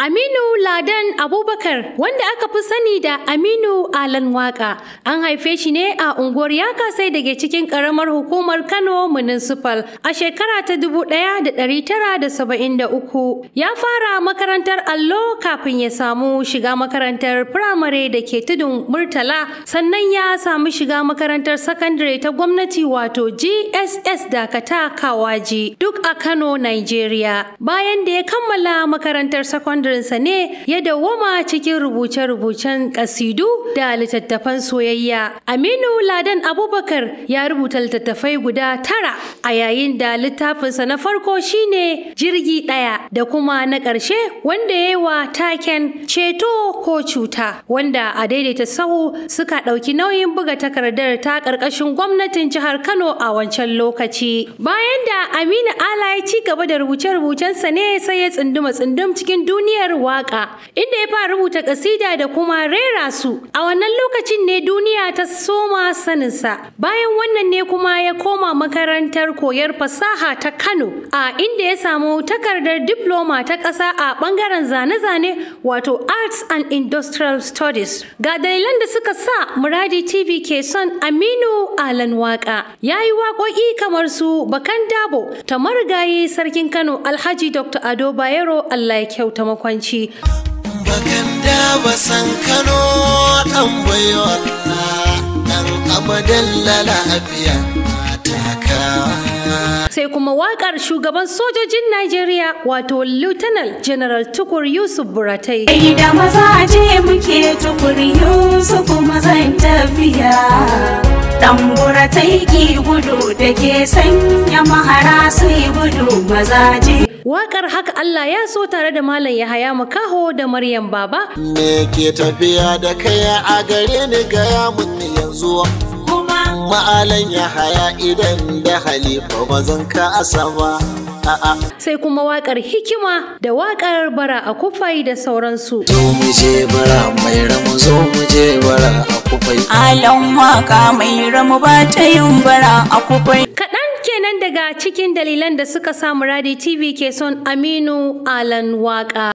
Aminu Ladan Abubakar wanda aka fi sani da Aminu Alan Waka an haife shi ne a unguwar Yaka sai dake cikin ƙaramar hukumar Kano Municipal a shekara ta 1973 ya fara makarantar allo kafin ya samu shiga makarantar firamare da ke tudun Murtala sannan ya samu shiga makarantar sakandare ta gwamnati wato GSS Dakata Kawaji duk a Kano Nigeria bayan da ya kammala makarantar sakandare sa ne ya dawwama cikin rubuce-rubucen kasidu da littattafan soyayya. Aminu Ladan Abubakar ya rubuta littattafai guda tara a yayin da littafinsa na farko shine jirgi ɗaya da kuma na ƙarshe wanda ya wa taken ceto ko cuta wanda a daidaita sahu suka ɗauki nauyin buga takardar ta ƙarƙashin gwamnatin jihar Kano a wancan lokaci. Bayan da Aminu Ala ya ci gaba da rubuce-rubucensa ne sai ya tsunduma tsundum cikin duniya duniyar waƙa inda ya fara rubuta ƙasida da kuma rera su a wannan lokacin ne duniya ta soma Bayan wannan ne kuma ya koma makarantar koyar fasaha ta Kano a inda ya samu takardar diploma ta ƙasa a ɓangaren zane-zane wato Arts and Industrial Studies. Ga dalilan da suka sa Muradi TV ke son Aminu Alan Waka. Ya yi waƙoƙi kamar su Bakan Dabo ta marigayi Sarkin Kano Alhaji Dr. Ado Bayero Allah ya kyauta makwanci. Bakan Dabo san Kano ɗan baiwa. nan abadalla Sai kuma wakar shugaban sojojin Najeriya wato Lieutenant General Tukur Yusuf Buratai. Ai da je muke Tukur Yusuf zan tafiya. Dan Buratai ki gudu da ke sanya mahara sai gudu je Waƙar haka Allah ya so tare da Malam Yahaya Makaho da Maryam Baba. Me ke tafiya da kaya a gare ni gaya mun yanzu ma'alan ya haya idan da halifa bazan zan ka asaba. Sai kuma waƙar hikima da waƙar bara a kufai da sauransu. Zo mu je bara mai ramu zo mu je bara a alan waka mai ramu ba ta yin bara a kufai kaɗan kenan daga cikin dalilan da suka sa muradi tv ke son aminu alan waka